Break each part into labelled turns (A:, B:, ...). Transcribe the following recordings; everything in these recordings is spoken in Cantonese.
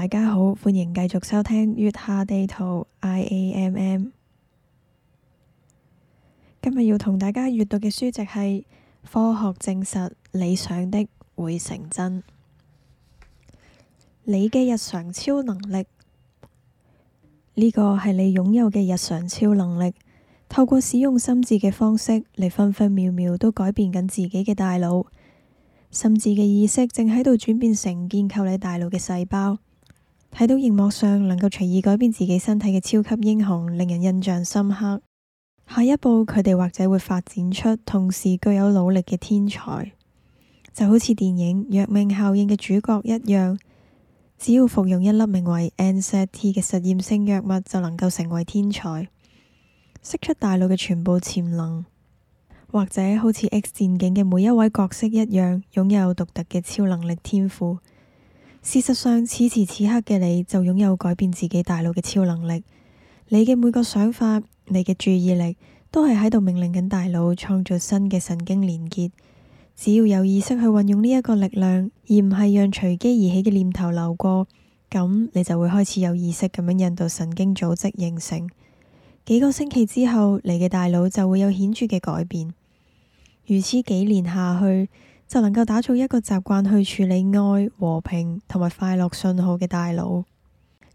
A: 大家好，歡迎繼續收聽《月下地圖 i a m m》。今日要同大家閱讀嘅書籍係《科學證實你想的會成真》，你嘅日常超能力呢，這個係你擁有嘅日常超能力，透過使用心智嘅方式，你分分秒秒都改變緊自己嘅大腦，心智嘅意識正喺度轉變成建構你大腦嘅細胞。睇到熒幕上能夠隨意改變自己身體嘅超級英雄，令人印象深刻。下一步佢哋或者會發展出同時具有努力嘅天才，就好似電影《藥命效應》嘅主角一樣，只要服用一粒名為 NZT 嘅實驗性藥物，就能夠成為天才，釋出大腦嘅全部潛能，或者好似《X 戰警》嘅每一位角色一樣，擁有獨特嘅超能力天賦。事實上，此時此刻嘅你就擁有改變自己大腦嘅超能力。你嘅每個想法，你嘅注意力，都係喺度命令緊大腦創造新嘅神經連結。只要有意識去運用呢一個力量，而唔係讓隨機而起嘅念頭流過，咁你就會開始有意識咁樣引導神經組織形成。幾個星期之後，你嘅大腦就會有顯著嘅改變。如此幾年下去。就能夠打造一個習慣去處理愛、和平同埋快樂信號嘅大腦。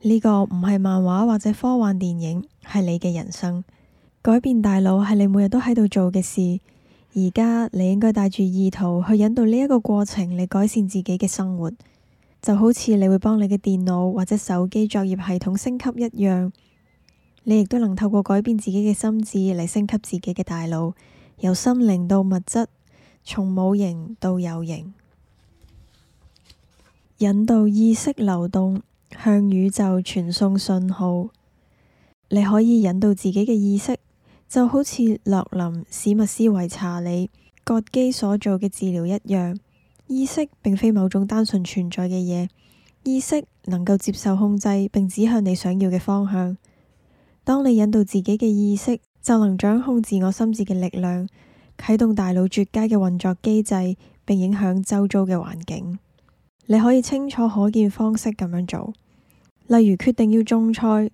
A: 呢個唔係漫畫或者科幻電影，係你嘅人生。改變大腦係你每日都喺度做嘅事。而家你應該帶住意圖去引導呢一個過程嚟改善自己嘅生活，就好似你會幫你嘅電腦或者手機作業系統升級一樣。你亦都能透過改變自己嘅心智嚟升級自己嘅大腦，由心靈到物質。從冇形到有形，引導意識流動，向宇宙傳送信號。你可以引導自己嘅意識，就好似洛林史密斯維查理葛基所做嘅治療一樣。意識並非某種單純存在嘅嘢，意識能夠接受控制，並指向你想要嘅方向。當你引導自己嘅意識，就能掌控自我心智嘅力量。啟動大腦絕佳嘅運作機制，並影響周遭嘅環境。你可以清楚可見方式咁樣做，例如決定要種菜。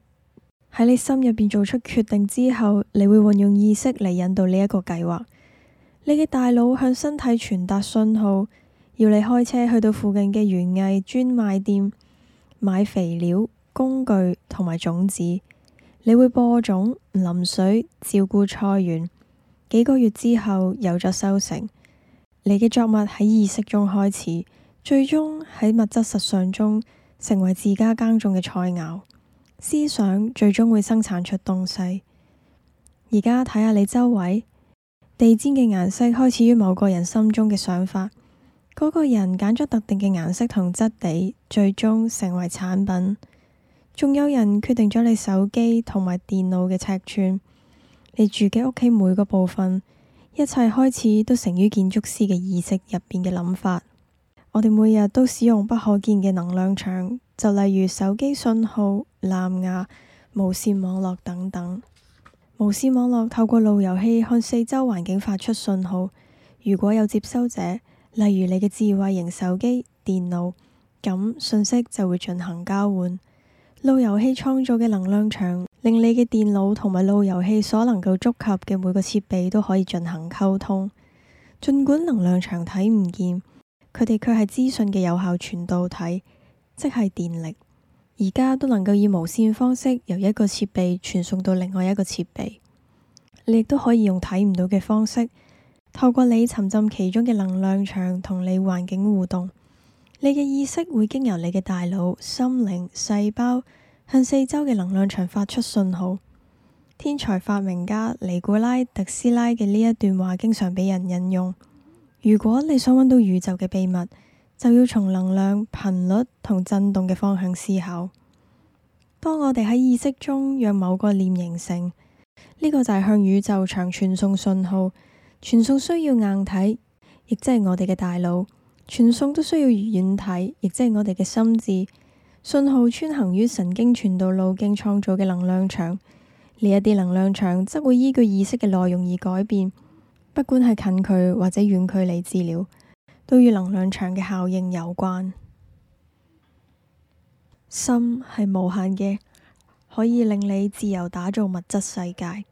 A: 喺你心入邊做出決定之後，你會運用意識嚟引導呢一個計劃。你嘅大腦向身體傳達信號，要你開車去到附近嘅園藝專賣店買肥料、工具同埋種子。你會播種、淋水、照顧菜園。幾個月之後，有咗收成，你嘅作物喺意識中開始，最終喺物質實相中成為自家耕種嘅菜餚。思想最終會生產出東西。而家睇下你周圍，地氈嘅顏色開始於某個人心中嘅想法，嗰、嗰個人揀咗特定嘅顏色同質地，最終成為產品。仲有人決定咗你手機同埋電腦嘅尺寸。你住嘅屋企每個部分，一切開始都成於建築師嘅意識入邊嘅諗法。我哋每日都使用不可見嘅能量場，就例如手機信號、藍牙、無線網絡等等。無線網絡透過路由器向四周環境發出信號，如果有接收者，例如你嘅智慧型手機、電腦，咁信息就會進行交換。路由器創造嘅能量場，令你嘅電腦同埋路由器所能夠觸及嘅每個設備都可以進行溝通。儘管能量場睇唔見，佢哋卻係資訊嘅有效傳導體，即係電力。而家都能夠以無線方式由一個設備傳送到另外一個設備。你亦都可以用睇唔到嘅方式，透過你沉浸其中嘅能量場同你環境互動。你嘅意識會經由你嘅大腦、心靈、細胞，向四周嘅能量場發出信號。天才發明家尼古拉特斯拉嘅呢一段話經常俾人引用。如果你想揾到宇宙嘅秘密，就要從能量、頻率同震動嘅方向思考。當我哋喺意識中讓某個念形成，呢個就係向宇宙場傳送信號。傳送需要硬體，亦即係我哋嘅大腦；傳送都需要軟體，亦即係我哋嘅心智。信號穿行於神經傳導路徑創造嘅能量場，呢一啲能量場則會依據意識嘅內容而改變。不管係近距或者遠距離治療，都與能量場嘅效應有關。心係無限嘅，可以令你自由打造物質世界。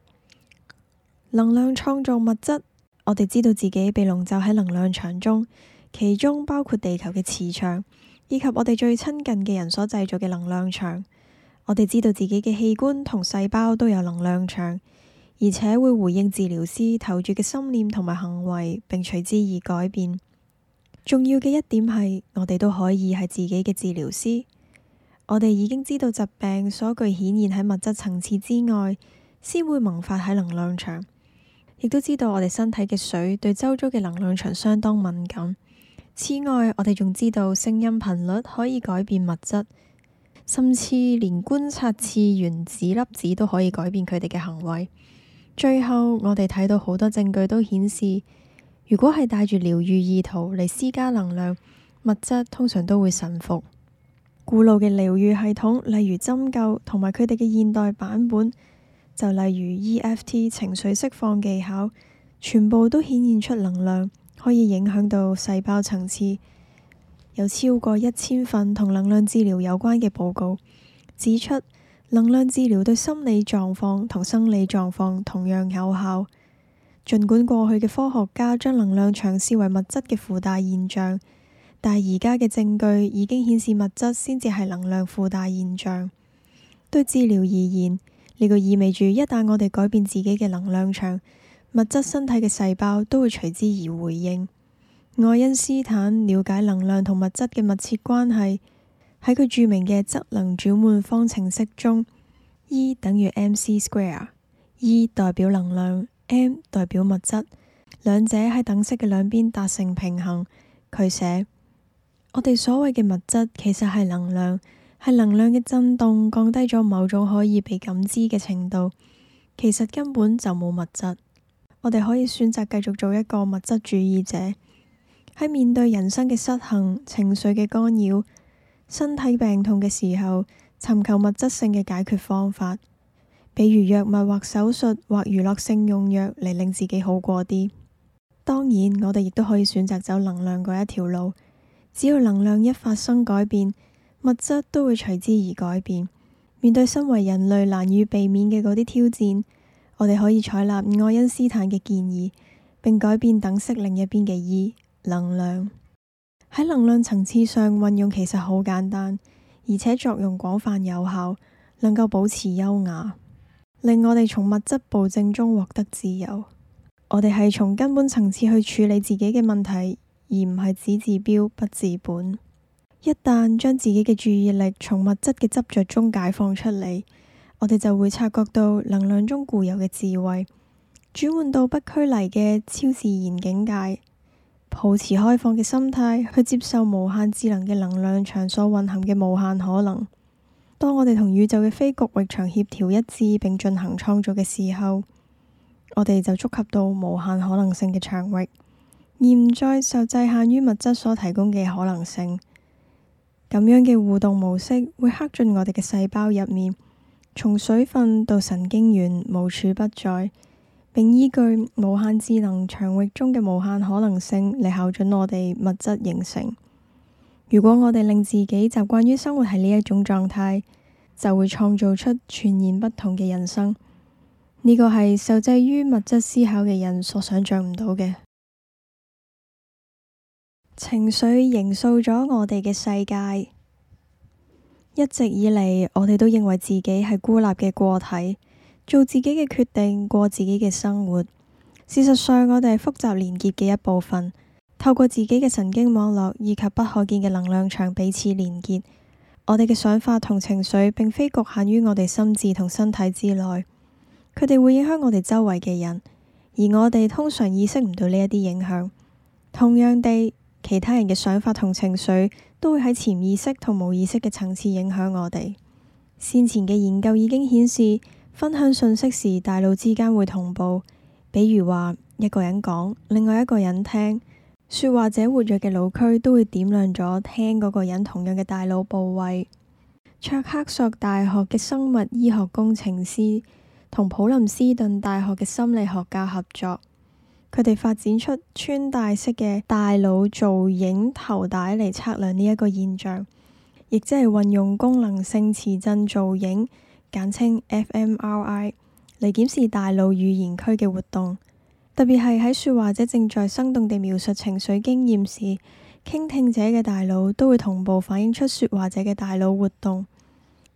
A: 能量創造物質，我哋知道自己被籠罩喺能量場中，其中包括地球嘅磁場。以及我哋最親近嘅人所製造嘅能量場，我哋知道自己嘅器官同細胞都有能量場，而且會回應治療師投注嘅心念同埋行為，並隨之而改變。重要嘅一點係，我哋都可以係自己嘅治療師。我哋已經知道疾病所具顯現喺物質層次之外，先會萌發喺能量場，亦都知道我哋身體嘅水對周遭嘅能量場相當敏感。此外，我哋仲知道聲音頻率可以改變物質，甚至連觀察次原子粒子都可以改變佢哋嘅行為。最後，我哋睇到好多證據都顯示，如果係帶住療癒意圖嚟施加能量，物質通常都會臣服。古老嘅療癒系統，例如針灸，同埋佢哋嘅現代版本，就例如 EFT 情緒釋放技巧，全部都顯現出能量。可以影響到細胞層次。有超過一千份同能量治療有關嘅報告，指出能量治療對心理狀況同生理狀況同樣有效。儘管過去嘅科學家將能量場視為物質嘅附帶現象，但係而家嘅證據已經顯示物質先至係能量附帶現象。對治療而言，呢個意味住一旦我哋改變自己嘅能量場。物質身體嘅細胞都會隨之而回應。愛因斯坦了解能量同物質嘅密切關係，喺佢著名嘅質能轉換方程式中，E 等於 mc square，E 代表能量，m 代表物質，兩者喺等式嘅兩邊達成平衡。佢寫：我哋所謂嘅物質其實係能量，係能量嘅震動降低咗某種可以被感知嘅程度，其實根本就冇物質。我哋可以選擇繼續做一個物質主義者，喺面對人生嘅失衡、情緒嘅干擾、身體病痛嘅時候，尋求物質性嘅解決方法，比如藥物或手術或娛樂性用藥嚟令自己好過啲。當然，我哋亦都可以選擇走能量嗰一條路。只要能量一發生改變，物質都會隨之而改變。面對身為人類難以避免嘅嗰啲挑戰，我哋可以採納愛因斯坦嘅建議，並改變等式另一邊嘅 E 能量。喺能量層次上運用其實好簡單，而且作用廣泛有效，能夠保持優雅，令我哋從物質暴政中獲得自由。我哋係從根本層次去處理自己嘅問題，而唔係只治標不治本。一旦將自己嘅注意力從物質嘅執着中解放出嚟。我哋就會察覺到能量中固有嘅智慧，轉換到不拘泥嘅超自然境界，抱持開放嘅心態去接受無限智能嘅能量場所蘊含嘅無限可能。當我哋同宇宙嘅非局域場協調一致，並進行創造嘅時候，我哋就觸及到無限可能性嘅場域，而唔再受制限於物質所提供嘅可能性。咁樣嘅互動模式會刻進我哋嘅細胞入面。從水分到神經元，無處不在，並依據無限智能場域中嘅無限可能性嚟校準我哋物質形成。如果我哋令自己習慣於生活喺呢一種狀態，就會創造出全然不同嘅人生。呢、這個係受制於物質思考嘅人所想象唔到嘅。情緒形塑咗我哋嘅世界。一直以嚟，我哋都認為自己係孤立嘅個體，做自己嘅決定，過自己嘅生活。事實上，我哋係複雜連結嘅一部分，透過自己嘅神經網絡以及不可見嘅能量場彼此連結。我哋嘅想法同情緒，並非局限於我哋心智同身體之內，佢哋會影響我哋周圍嘅人，而我哋通常意識唔到呢一啲影響。同樣地，其他人嘅想法同情緒，都會喺潛意識同無意識嘅層次影響我哋。先前嘅研究已經顯示，分享信息時，大腦之間會同步。比如話，一個人講，另外一個人聽，說話者活躍嘅腦區都會點亮咗聽嗰個人同樣嘅大腦部位。卓克索大學嘅生物醫學工程師同普林斯頓大學嘅心理學家合作。佢哋發展出穿戴式嘅大腦造影頭帶嚟測量呢一個現象，亦即係運用功能性磁振造影（簡稱 fMRI） 嚟檢視大腦語言區嘅活動，特別係喺説話者正在生動地描述情緒經驗時，傾聽者嘅大腦都會同步反映出説話者嘅大腦活動。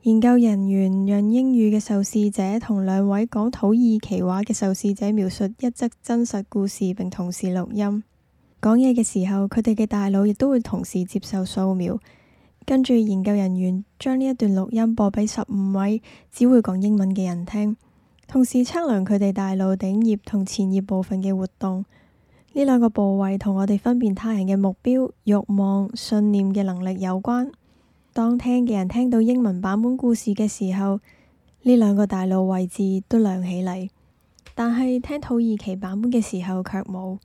A: 研究人員讓英語嘅受試者同兩位講土耳其話嘅受試者描述一則真實故事，並同時錄音。講嘢嘅時候，佢哋嘅大腦亦都會同時接受掃描。跟住，研究人員將呢一段錄音播俾十五位只會講英文嘅人聽，同時測量佢哋大腦頂葉同前葉部分嘅活動。呢兩個部位同我哋分辨他人嘅目標、慾望、信念嘅能力有關。當聽嘅人聽到英文版本故事嘅時候，呢兩個大腦位置都亮起嚟，但係聽土耳其版本嘅時候卻冇。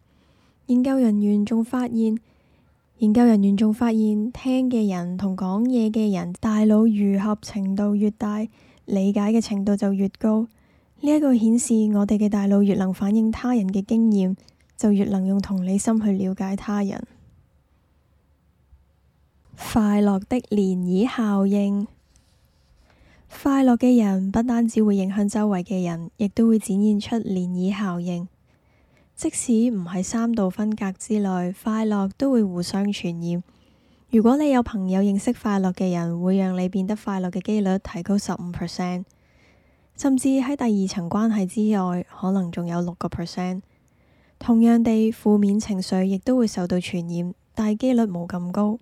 A: 研究人員仲發現，研究人員仲發現，聽嘅人同講嘢嘅人大腦愈合程度越大，理解嘅程度就越高。呢一個顯示，我哋嘅大腦越能反映他人嘅經驗，就越能用同理心去了解他人。快樂的漣漪效應，快樂嘅人不單止會影響周圍嘅人，亦都會展現出漣漪效應。即使唔係三度分隔之內，快樂都會互相傳染。如果你有朋友認識快樂嘅人，會讓你變得快樂嘅幾率提高十五 percent，甚至喺第二層關係之外，可能仲有六個 percent。同樣地，負面情緒亦都會受到傳染，但係幾率冇咁高。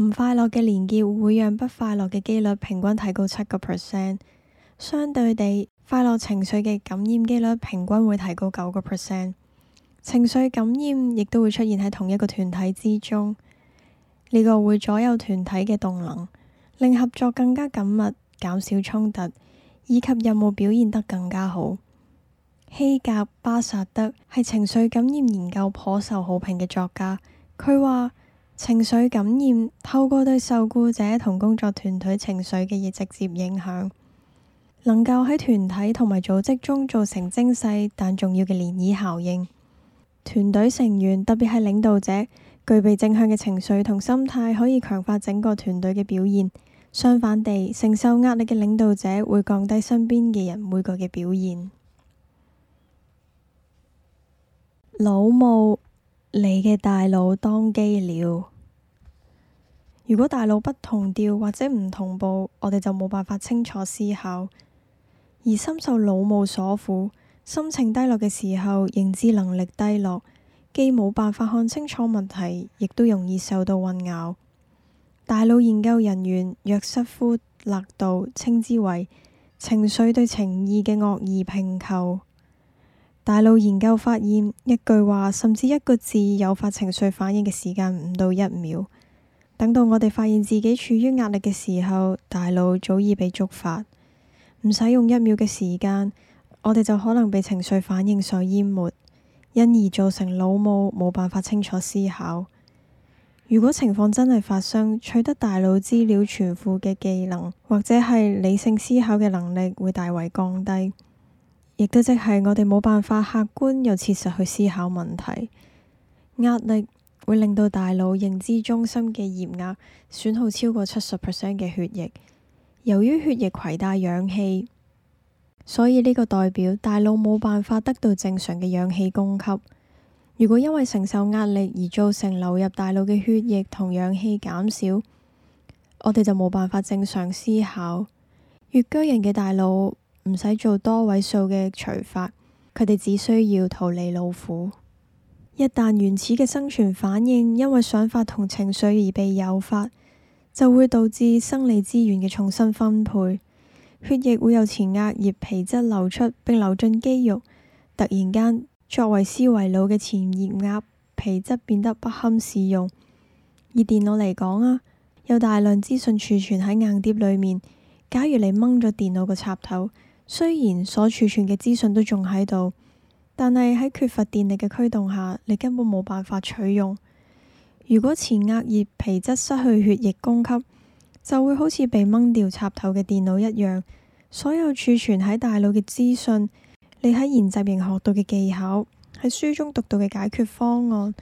A: 唔快樂嘅連結會讓不快樂嘅幾率平均提高七個 percent，相對地，快樂情緒嘅感染幾率平均會提高九個 percent。情緒感染亦都會出現喺同一個團體之中，呢個會左右團體嘅動能，令合作更加緊密，減少衝突，以及任務表現得更加好。希格巴薩德係情緒感染研究頗受好評嘅作家，佢話。情緒感染透過對受雇者同工作團隊情緒嘅嘢，直接影響，能夠喺團體同埋組織中造成精細但重要嘅漣漪效應。團隊成員，特別係領導者，具備正向嘅情緒同心態，可以強化整個團隊嘅表現。相反地，承受壓力嘅領導者會降低身邊嘅人每個嘅表現。老母。你嘅大腦當機了。如果大腦不同調或者唔同步，我哋就冇辦法清楚思考。而深受腦霧所苦、心情低落嘅時候，認知能力低落，既冇辦法看清楚問題，亦都容易受到混淆。大腦研究人員約瑟夫勒度稱之為“情緒對情意嘅惡意併購”。大腦研究發現，一句話甚至一個字誘發情緒反應嘅時間唔到一秒。等到我哋發現自己處於壓力嘅時候，大腦早已被觸發，唔使用，用一秒嘅時間，我哋就可能被情緒反應所淹沒，因而造成腦霧，冇辦法清楚思考。如果情況真係發生，取得大腦資料存庫嘅技能或者係理性思考嘅能力會大爲降低。亦都即係我哋冇辦法客觀又切實去思考問題。壓力會令到大腦認知中心嘅鹽額損耗超過七十 percent 嘅血液。由於血液攜帶氧氣，所以呢個代表大腦冇辦法得到正常嘅氧氣供給。如果因為承受壓力而造成流入大腦嘅血液同氧氣減少，我哋就冇辦法正常思考。越居人嘅大腦。唔使做多位數嘅除法，佢哋只需要逃離老虎。一旦原始嘅生存反應因為想法同情緒而被誘發，就會導致生理資源嘅重新分配，血液會由前額葉皮質流出並流進肌肉。突然間，作為思維腦嘅前額葉皮質變得不堪使用。以電腦嚟講啊，有大量資訊儲存喺硬碟裏面，假如你掹咗電腦個插頭。雖然所儲存嘅資訊都仲喺度，但係喺缺乏電力嘅驅動下，你根本冇辦法取用。如果前額葉皮質失去血液供給，就會好似被掹掉插頭嘅電腦一樣，所有儲存喺大腦嘅資訊，你喺研習營學到嘅技巧，喺書中讀到嘅解決方案，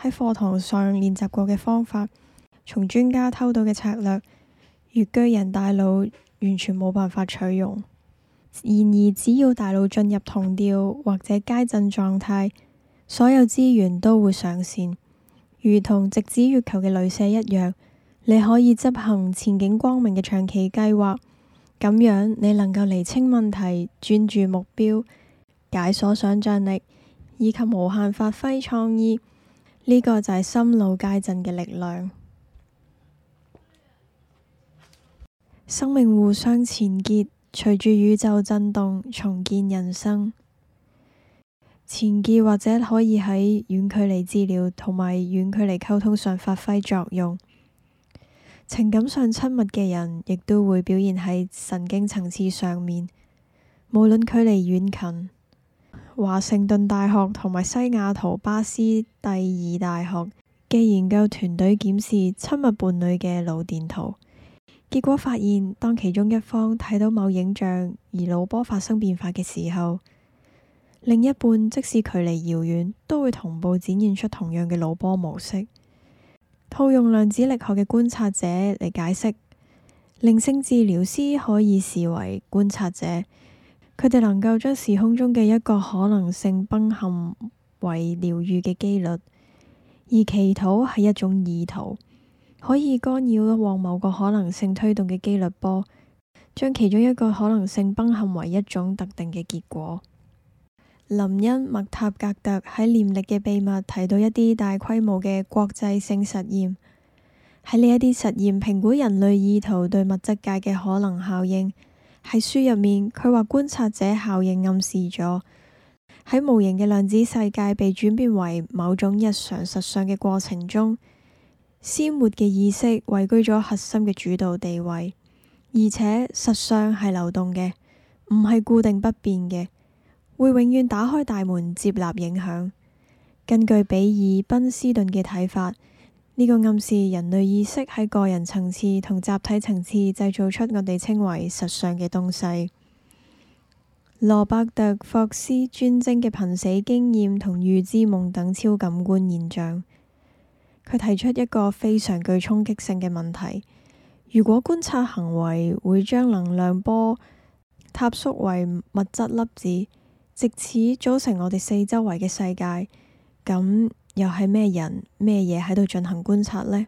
A: 喺課堂上練習過嘅方法，從專家偷到嘅策略，越居人大腦完全冇辦法取用。然而，只要大腦進入同調或者諧振狀態，所有資源都會上線，如同直指月球嘅旅社一樣。你可以執行前景光明嘅長期計劃，咁樣你能夠厘清問題、專注目標、解鎖想象力以及無限發揮創意。呢、這個就係心腦諧振嘅力量。生命互相纏結。隨住宇宙震動重建人生，纏結或者可以喺遠距離治療同埋遠距離溝通上發揮作用。情感上親密嘅人，亦都會表現喺神經層次上面，無論距離遠近。華盛頓大學同埋西雅圖巴斯蒂爾大學嘅研究團隊檢視親密伴侶嘅腦電圖。結果發現，當其中一方睇到某影像而腦波發生變化嘅時候，另一半即使距離遙遠，都會同步展現出同樣嘅腦波模式。套用量子力學嘅觀察者嚟解釋，靈性治療師可以視為觀察者，佢哋能夠將時空中嘅一個可能性崩陷為療愈嘅幾率，而祈禱係一種意圖。可以干擾往某個可能性推動嘅機率波，將其中一個可能性崩陷為一種特定嘅結果。林恩·麥塔格特喺《念力嘅秘密》提到一啲大規模嘅國際性實驗，喺呢一啲實驗評估人類意圖對物質界嘅可能效應。喺書入面，佢話觀察者效應暗示咗喺無形嘅量子世界被轉變為某種日常實相嘅過程中。鮮活嘅意識位居咗核心嘅主導地位，而且實相係流動嘅，唔係固定不變嘅，會永遠打開大門接納影響。根據比爾·賓斯頓嘅睇法，呢個暗示人類意識喺個人層次同集體層次製造出我哋稱為實相嘅東西。羅伯特·霍斯專精嘅瀕死經驗同預知夢等超感官現象。佢提出一個非常具衝擊性嘅問題：如果觀察行為會將能量波坍縮為物質粒子，藉此組成我哋四周圍嘅世界，咁又係咩人咩嘢喺度進行觀察呢？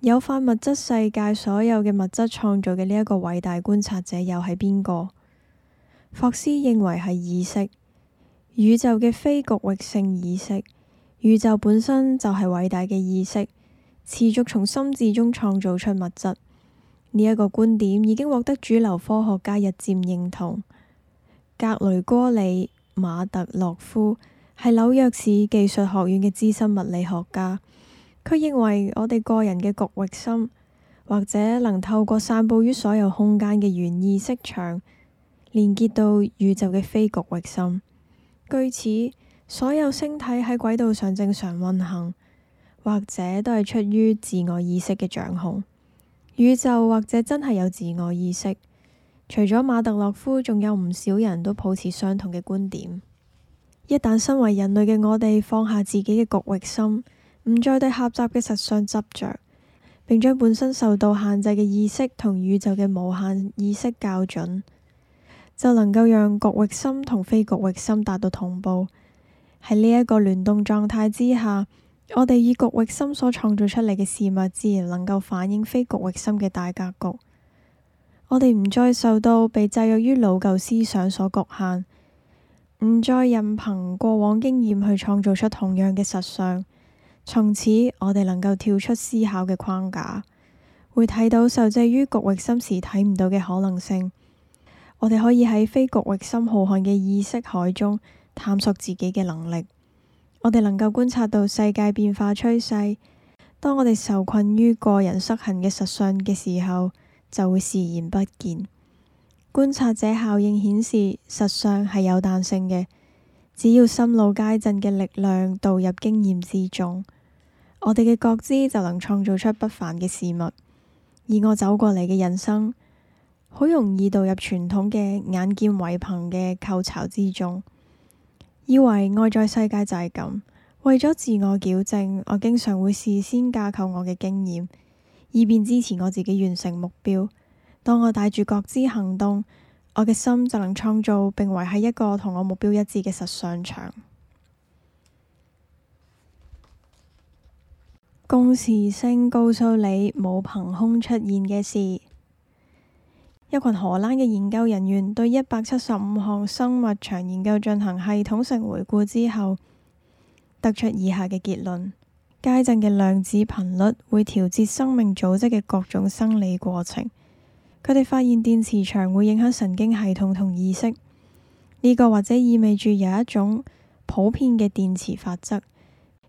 A: 有化物質世界所有嘅物質創造嘅呢一個偉大觀察者又係邊個？霍斯認為係意識，宇宙嘅非局域性意識。宇宙本身就係偉大嘅意識，持續從心智中創造出物質。呢、這、一個觀點已經獲得主流科學家日漸認同。格雷戈里馬特洛夫係紐約市技術學院嘅資深物理學家，佢認為我哋個人嘅局域心或者能透過散布於所有空間嘅原意識場，連結到宇宙嘅非局域心。據此。所有星體喺軌道上正常運行，或者都係出於自我意識嘅掌控。宇宙或者真係有自我意識。除咗馬特洛夫，仲有唔少人都抱持相同嘅觀點。一旦身為人類嘅我哋放下自己嘅局域心，唔再對狹窄嘅實相執着，並將本身受到限制嘅意識同宇宙嘅無限意識校準，就能夠讓局域心同非局域心達到同步。喺呢一個聯動狀態之下，我哋以局域心所創造出嚟嘅事物，自然能夠反映非局域心嘅大格局。我哋唔再受到被制約於老舊思想所局限，唔再任憑過往經驗去創造出同樣嘅實相。從此，我哋能夠跳出思考嘅框架，會睇到受制於局域心時睇唔到嘅可能性。我哋可以喺非局域心浩瀚嘅意識海中。探索自己嘅能力，我哋能夠觀察到世界變化趨勢。當我哋受困於個人失衡嘅實相嘅時候，就會視而不見。觀察者效應顯示實相係有彈性嘅。只要心腦諧振嘅力量導入經驗之中，我哋嘅覺知就能創造出不凡嘅事物。而我走過嚟嘅人生，好容易導入傳統嘅眼見為憑嘅構巢之中。以為外在世界就係咁，為咗自我矯正，我經常會事先架構我嘅經驗，以便支持我自己完成目標。當我帶住覺知行動，我嘅心就能創造並維繫一個同我目標一致嘅實相場。共時性告訴你冇憑空出現嘅事。一群荷蘭嘅研究人員對一百七十五項生物場研究進行系統性回顧之後，得出以下嘅結論：街陣嘅量子頻率會調節生命組織嘅各種生理過程。佢哋發現電磁場會影響神經系統同意識。呢、這個或者意味住有一種普遍嘅電磁法則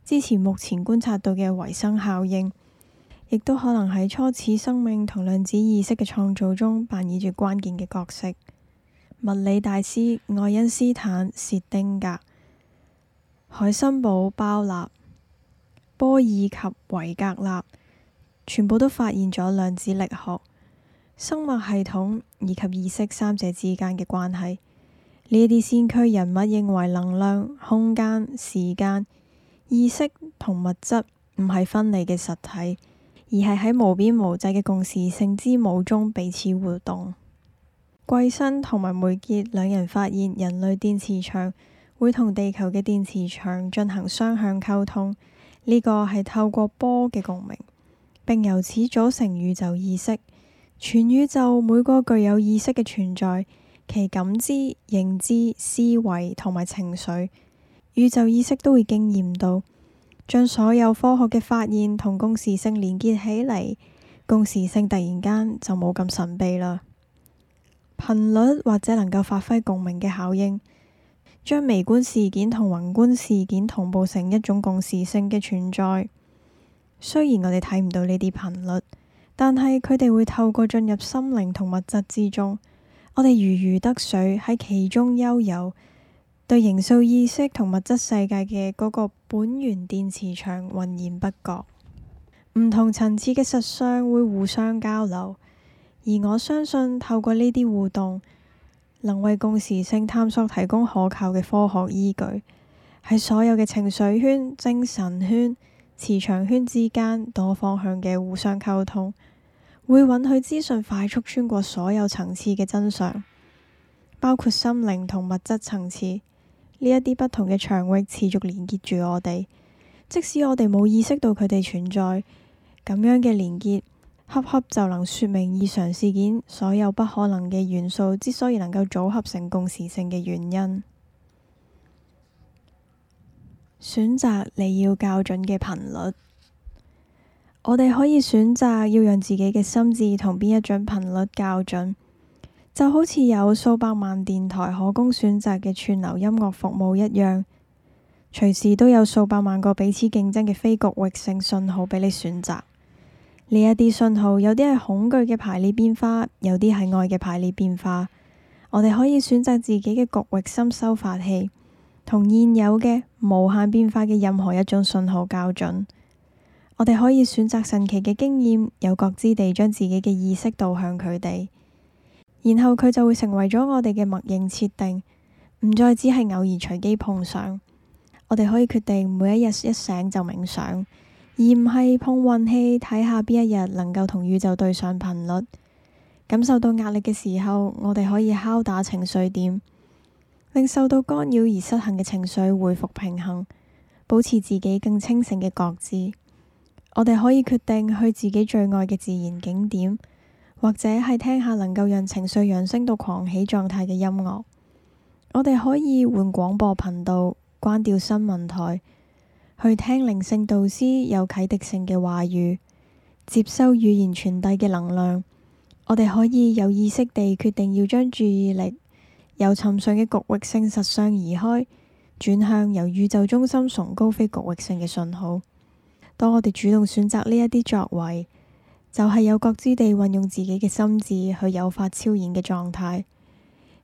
A: 支持目前觀察到嘅維生效應。亦都可能喺初始生命同量子意識嘅創造中扮演住關鍵嘅角色。物理大師愛因斯坦、薛丁格、海森堡、包納、波爾及維格納，全部都發現咗量子力學、生物系統以及意識三者之間嘅關係。呢啲先驅人物認為，能量、空間、時間、意識同物質唔係分離嘅實體。而係喺無邊無際嘅共時性之舞中彼此互動。桂新同埋梅杰兩人發現，人類電磁場會同地球嘅電磁場進行雙向溝通，呢個係透過波嘅共鳴，並由此組成宇宙意識。全宇宙每個具有意識嘅存在，其感知、認知、思維同埋情緒，宇宙意識都會經驗到。將所有科學嘅發現同共時性連結起嚟，共時性突然間就冇咁神秘啦。頻率或者能夠發揮共鳴嘅效應，將微觀事件同宏觀事件同步成一種共時性嘅存在。雖然我哋睇唔到呢啲頻率，但係佢哋會透過進入心靈同物質之中，我哋如魚得水喺其中悠游。對形塑意識同物質世界嘅嗰個本源電磁場渾然不覺。唔同層次嘅實相會互相交流，而我相信透過呢啲互動，能為共時性探索提供可靠嘅科學依據。喺所有嘅情緒圈、精神圈、磁場圈之間，多方向嘅互相溝通，會允許資訊快速穿過所有層次嘅真相，包括心靈同物質層次。呢一啲不同嘅場域持續連結住我哋，即使我哋冇意識到佢哋存在，咁樣嘅連結恰恰就能説明異常事件所有不可能嘅元素之所以能夠組合成共時性嘅原因。選擇你要校準嘅頻率，我哋可以選擇要讓自己嘅心智同邊一種頻率校準。就好似有數百萬電台可供選擇嘅串流音樂服務一樣，隨時都有數百萬個彼此競爭嘅非局域性信號俾你選擇。呢一啲信號有啲係恐懼嘅排列變化，有啲係愛嘅排列變化。我哋可以選擇自己嘅局域心收發器，同現有嘅無限變化嘅任何一種信號校準。我哋可以選擇神奇嘅經驗，有覺知地將自己嘅意識導向佢哋。然後佢就會成為咗我哋嘅默認設定，唔再只係偶爾隨機碰上。我哋可以決定每一日一醒就冥想，而唔係碰運氣睇下邊一日能夠同宇宙對上頻率。感受到壓力嘅時候，我哋可以敲打情緒點，令受到干擾而失衡嘅情緒回復平衡，保持自己更清醒嘅覺知。我哋可以決定去自己最愛嘅自然景點。或者係聽下能夠讓情緒揚升到狂喜狀態嘅音樂，我哋可以換廣播頻道，關掉新聞台，去聽靈性導師有啟迪性嘅話語，接收語言傳遞嘅能量。我哋可以有意識地決定要將注意力由沉睡嘅局域性實相移開，轉向由宇宙中心崇高非局域性嘅信號。當我哋主動選擇呢一啲作為。就係有覺知地，運用自己嘅心智去誘發超然嘅狀態。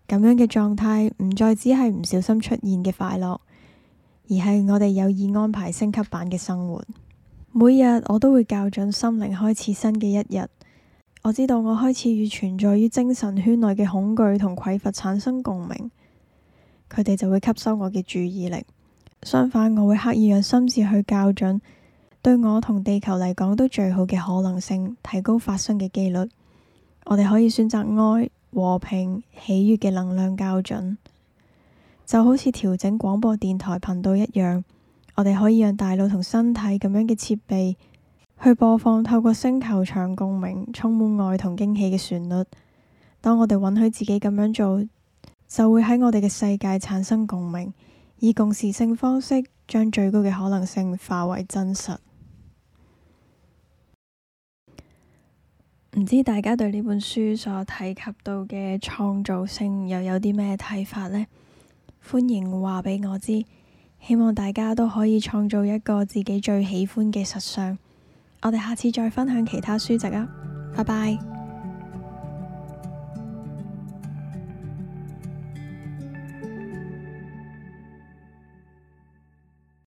A: 咁樣嘅狀態唔再只係唔小心出現嘅快樂，而係我哋有意安排升級版嘅生活。每日我都會校準心靈開始新嘅一日。我知道我開始與存在於精神圈內嘅恐懼同匱乏產生共鳴，佢哋就會吸收我嘅注意力。相反，我會刻意讓心智去校準。對我同地球嚟講，都最好嘅可能性，提高發生嘅幾率。我哋可以選擇愛、和平、喜悦嘅能量校準，就好似調整廣播電台頻道一樣。我哋可以讓大腦同身體咁樣嘅設備去播放透過星球場共鳴，充滿愛同驚喜嘅旋律。當我哋允許自己咁樣做，就會喺我哋嘅世界產生共鳴，以共時性方式將最高嘅可能性化為真實。唔知大家對呢本書所提及到嘅創造性又有啲咩睇法呢？歡迎話俾我知。希望大家都可以創造一個自己最喜歡嘅實相。我哋下次再分享其他書籍啊！拜拜。